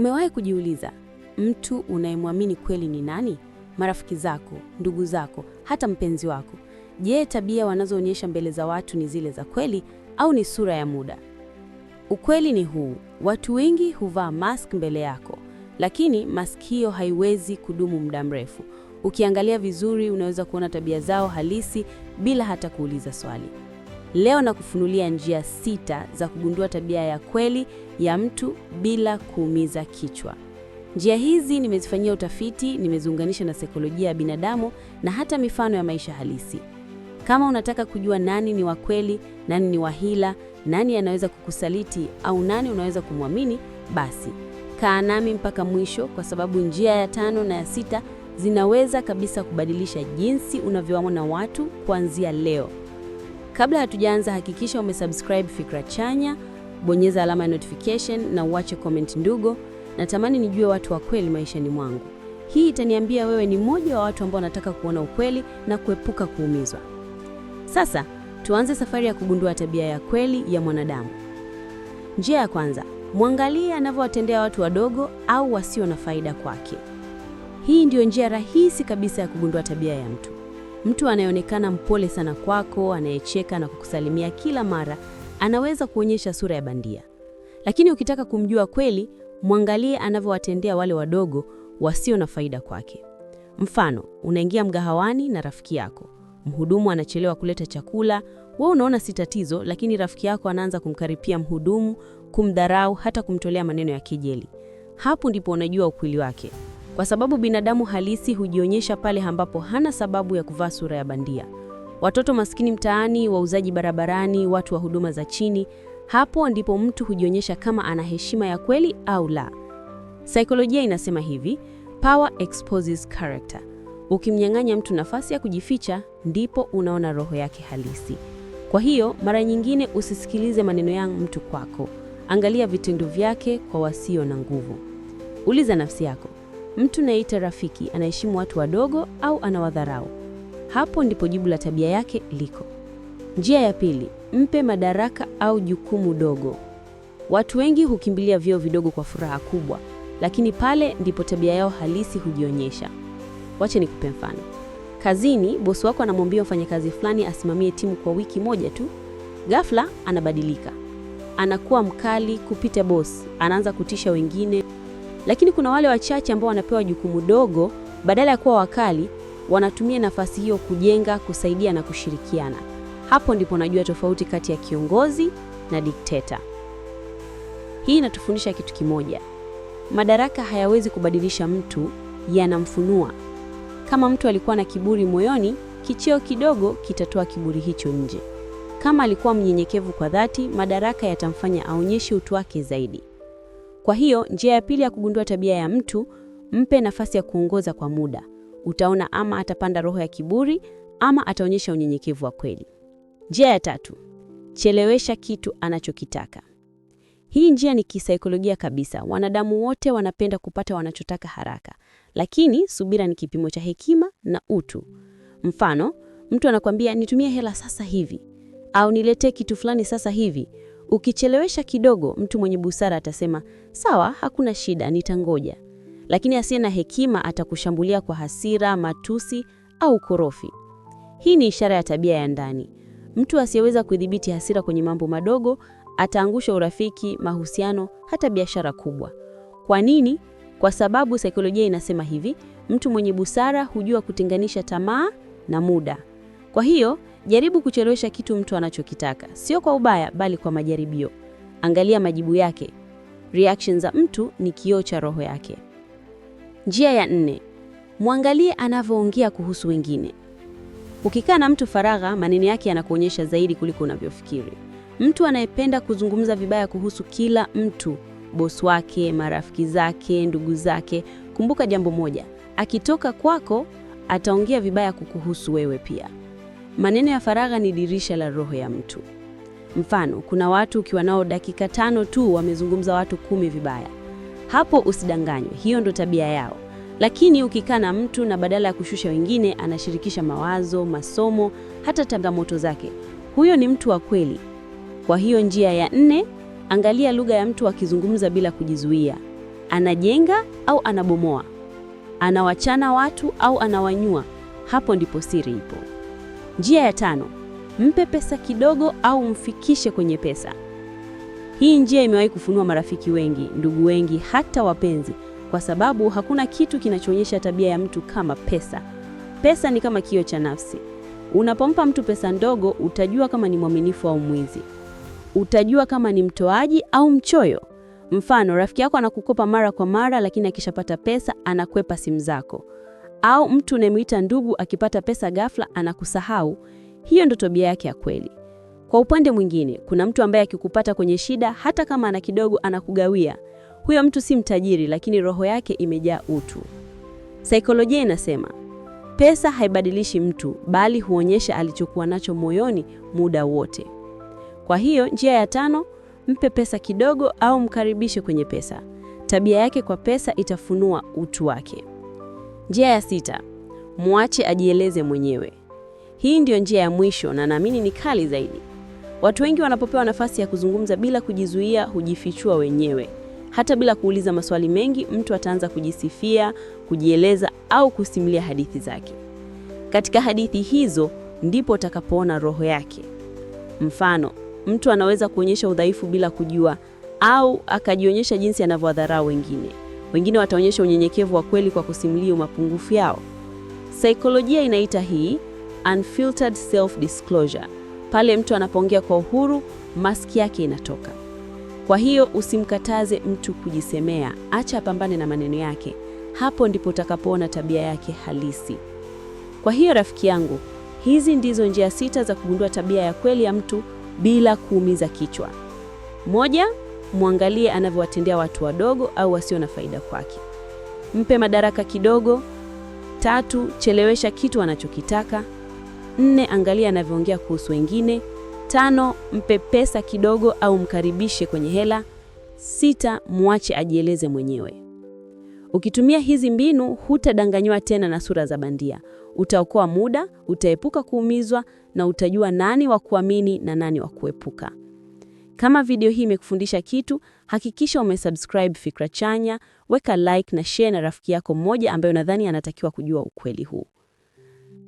Umewahi kujiuliza mtu unayemwamini kweli ni nani? Marafiki zako, ndugu zako, hata mpenzi wako. Je, tabia wanazoonyesha mbele za watu ni zile za kweli au ni sura ya muda? Ukweli ni huu, watu wengi huvaa mask mbele yako, lakini mask hiyo haiwezi kudumu muda mrefu. Ukiangalia vizuri, unaweza kuona tabia zao halisi bila hata kuuliza swali. Leo na kufunulia njia sita za kugundua tabia ya kweli ya mtu bila kuumiza kichwa. Njia hizi nimezifanyia utafiti, nimeziunganisha na saikolojia ya binadamu na hata mifano ya maisha halisi. Kama unataka kujua nani ni wa kweli, nani ni wa hila, nani anaweza kukusaliti au nani unaweza kumwamini, basi kaa nami mpaka mwisho, kwa sababu njia ya tano na ya sita zinaweza kabisa kubadilisha jinsi unavyoona na watu kuanzia leo. Kabla hatujaanza, hakikisha umesubscribe Fikra Chanya, bonyeza alama ya notification na uache comment ndugo. Natamani nijue watu wa kweli maishani mwangu. Hii itaniambia wewe ni mmoja wa watu ambao wanataka kuona ukweli na kuepuka kuumizwa. Sasa tuanze safari ya kugundua tabia ya kweli ya mwanadamu. Njia ya kwanza, mwangalie anavyowatendea watu wadogo au wasio na faida kwake. Hii ndiyo njia rahisi kabisa ya kugundua tabia ya mtu. Mtu anayeonekana mpole sana kwako, anayecheka na kukusalimia kila mara, anaweza kuonyesha sura ya bandia. Lakini ukitaka kumjua kweli, mwangalie anavyowatendea wale wadogo wasio na faida kwake. Mfano, unaingia mgahawani na rafiki yako, mhudumu anachelewa kuleta chakula. Wewe unaona si tatizo, lakini rafiki yako anaanza kumkaripia mhudumu, kumdharau, hata kumtolea maneno ya kejeli. Hapo ndipo unajua ukweli wake kwa sababu binadamu halisi hujionyesha pale ambapo hana sababu ya kuvaa sura ya bandia. Watoto maskini mtaani, wauzaji barabarani, watu wa huduma za chini, hapo ndipo mtu hujionyesha kama ana heshima ya kweli au la. Saikolojia inasema hivi, power exposes character. Ukimnyang'anya mtu nafasi ya kujificha, ndipo unaona roho yake halisi. Kwa hiyo mara nyingine usisikilize maneno ya mtu kwako, angalia vitendo vyake kwa wasio na nguvu. Uliza nafsi yako Mtu nayeita rafiki anaheshimu watu wadogo au anawadharau? Hapo ndipo jibu la tabia yake liko. Njia ya pili, mpe madaraka au jukumu dogo. Watu wengi hukimbilia vyeo vidogo kwa furaha kubwa, lakini pale ndipo tabia yao halisi hujionyesha. Wache nikupe mfano. Kazini, bosi wako anamwambia mfanyakazi fulani asimamie timu kwa wiki moja tu. Ghafla anabadilika, anakuwa mkali kupita bosi, anaanza kutisha wengine. Lakini kuna wale wachache ambao wanapewa jukumu dogo, badala ya kuwa wakali, wanatumia nafasi hiyo kujenga, kusaidia na kushirikiana. Hapo ndipo najua tofauti kati ya kiongozi na dikteta. Hii inatufundisha kitu kimoja: madaraka hayawezi kubadilisha mtu, yanamfunua. Kama mtu alikuwa na kiburi moyoni, kicheo kidogo kitatoa kiburi hicho nje. Kama alikuwa mnyenyekevu kwa dhati, madaraka yatamfanya aonyeshe utu wake zaidi. Kwa hiyo njia ya pili ya kugundua tabia ya mtu, mpe nafasi ya kuongoza kwa muda. Utaona ama atapanda roho ya kiburi ama ataonyesha unyenyekevu wa kweli. Njia ya tatu, chelewesha kitu anachokitaka. Hii njia ni kisaikolojia kabisa. Wanadamu wote wanapenda kupata wanachotaka haraka, lakini subira ni kipimo cha hekima na utu. Mfano, mtu anakwambia nitumie hela sasa hivi au niletee kitu fulani sasa hivi. Ukichelewesha kidogo, mtu mwenye busara atasema sawa, hakuna shida, nitangoja. Lakini asiye na hekima atakushambulia kwa hasira, matusi au korofi. Hii ni ishara ya tabia ya ndani. Mtu asiyeweza kudhibiti hasira kwenye mambo madogo ataangusha urafiki, mahusiano, hata biashara kubwa. Kwa nini? Kwa sababu saikolojia inasema hivi: mtu mwenye busara hujua kutenganisha tamaa na muda. Kwa hiyo jaribu kuchelewesha kitu mtu anachokitaka, sio kwa ubaya, bali kwa majaribio. Angalia majibu yake. Reaction za mtu ni kioo cha roho yake. Njia ya nne, mwangalie anavyoongea kuhusu wengine. Ukikaa na mtu faragha, maneno yake yanakuonyesha zaidi kuliko unavyofikiri. Mtu anayependa kuzungumza vibaya kuhusu kila mtu, bosi wake, marafiki zake, ndugu zake, kumbuka jambo moja, akitoka kwako ataongea vibaya kukuhusu wewe pia. Maneno ya faragha ni dirisha la roho ya mtu. Mfano, kuna watu ukiwa nao dakika tano tu wamezungumza watu kumi vibaya. Hapo usidanganywe, hiyo ndo tabia yao. Lakini ukikaa na mtu na badala ya kushusha wengine, anashirikisha mawazo, masomo, hata changamoto zake, huyo ni mtu wa kweli. Kwa hiyo njia ya nne, angalia lugha ya mtu akizungumza bila kujizuia. Anajenga au anabomoa? Anawachana watu au anawanyua? Hapo ndipo siri ipo. Njia ya tano, mpe pesa kidogo au mfikishe kwenye pesa. Hii njia imewahi kufunua marafiki wengi, ndugu wengi, hata wapenzi, kwa sababu hakuna kitu kinachoonyesha tabia ya mtu kama pesa. Pesa ni kama kioo cha nafsi. Unapompa mtu pesa ndogo, utajua kama ni mwaminifu au mwizi. Utajua kama ni mtoaji au mchoyo. Mfano, rafiki yako anakukopa mara kwa mara, lakini akishapata pesa anakwepa simu zako au mtu unayemwita ndugu akipata pesa ghafla anakusahau, hiyo ndo tabia yake ya kweli. Kwa upande mwingine, kuna mtu ambaye akikupata kwenye shida, hata kama ana kidogo, anakugawia. Huyo mtu si mtajiri, lakini roho yake imejaa utu. Saikolojia inasema pesa haibadilishi mtu, bali huonyesha alichokuwa nacho moyoni muda wote. Kwa hiyo njia ya tano, mpe pesa kidogo au mkaribishe kwenye pesa. Tabia yake kwa pesa itafunua utu wake. Njia ya sita, mwache ajieleze mwenyewe. Hii ndiyo njia ya mwisho na naamini ni kali zaidi. Watu wengi wanapopewa nafasi ya kuzungumza bila kujizuia, hujifichua wenyewe. Hata bila kuuliza maswali mengi, mtu ataanza kujisifia, kujieleza au kusimulia hadithi zake. Katika hadithi hizo ndipo utakapoona roho yake. Mfano, mtu anaweza kuonyesha udhaifu bila kujua au akajionyesha jinsi anavyodharau wengine. Wengine wataonyesha unyenyekevu wa kweli kwa kusimulia mapungufu yao. Saikolojia inaita hii unfiltered self disclosure, pale mtu anapoongea kwa uhuru, maski yake inatoka. Kwa hiyo usimkataze mtu kujisemea, acha apambane na maneno yake. Hapo ndipo utakapoona tabia yake halisi. Kwa hiyo rafiki yangu, hizi ndizo njia sita za kugundua tabia ya kweli ya mtu bila kuumiza kichwa. Moja, mwangalie anavyowatendea watu wadogo au wasio na faida kwake. Mpe madaraka kidogo. Tatu, chelewesha kitu anachokitaka. Nne, angalia anavyoongea kuhusu wengine. Tano, mpe pesa kidogo au mkaribishe kwenye hela. Sita, mwache ajieleze mwenyewe. Ukitumia hizi mbinu, hutadanganywa tena na sura za bandia. Utaokoa muda, utaepuka kuumizwa na utajua nani wa kuamini na nani wa kuepuka. Kama video hii imekufundisha kitu, hakikisha umesubscribe Fikra Chanya, weka like na share na rafiki yako mmoja ambaye unadhani anatakiwa kujua ukweli huu.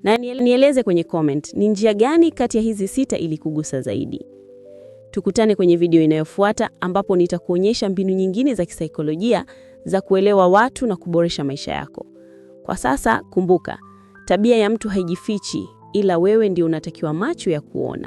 Na nieleze kwenye comment, ni njia gani kati ya hizi sita ilikugusa zaidi? Tukutane kwenye video inayofuata ambapo nitakuonyesha mbinu nyingine za kisaikolojia za kuelewa watu na kuboresha maisha yako. Kwa sasa kumbuka, tabia ya mtu haijifichi ila wewe ndio unatakiwa macho ya kuona.